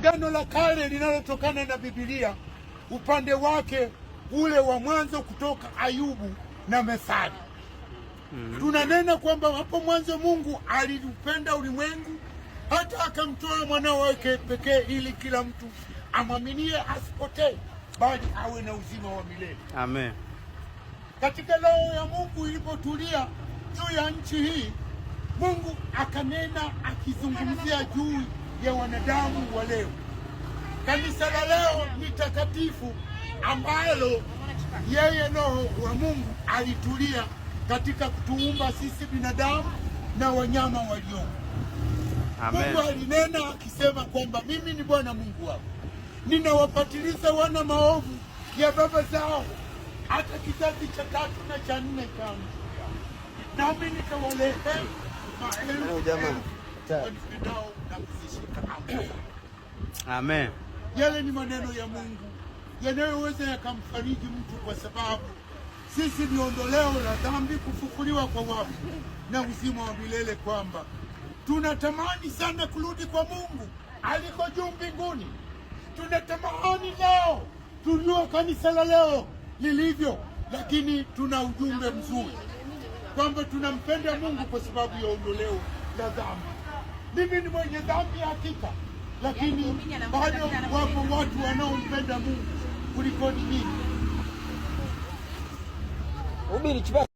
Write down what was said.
Agano la Kale linalotokana na Biblia upande wake ule wa mwanzo kutoka Ayubu na Methali mm -hmm. tunanena kwamba hapo mwanzo Mungu aliupenda ulimwengu hata akamtoa mwana wake pekee ili kila mtu amwaminie asipotee bali awe na uzima wa milele. Amen. Katika roho ya Mungu ilipotulia juu ya nchi hii, Mungu akanena akizungumzia juu ya wanadamu wa leo. Kanisa la leo ni takatifu ambalo yeye Roho wa Mungu alitulia katika kutuumba sisi binadamu na wanyama waliomo. Mungu alinena akisema kwamba mimi ni Bwana Mungu wako, ninawapatiliza wana maovu ya baba zao hata kizazi cha tatu na cha nne, kama nami nitawalehemu maelfu vidao na kuzishika amri. Amen. Yale ni maneno ya Mungu yanayoweza yakamfariji mtu, kwa sababu sisi ni ondoleo la dhambi, kufufuliwa kwa wafu na uzima wa milele, kwamba tunatamani sana kurudi kwa Mungu aliko juu mbinguni. Tunatamani leo tujua kanisa la leo lilivyo, lakini tuna ujumbe mzuri kwamba tunampenda Mungu kwa sababu ya ondoleo la dhambi mimi ni mwenye dhambi hakika, lakini yaani bado wapo watu wanaompenda Mungu kuliko mimi.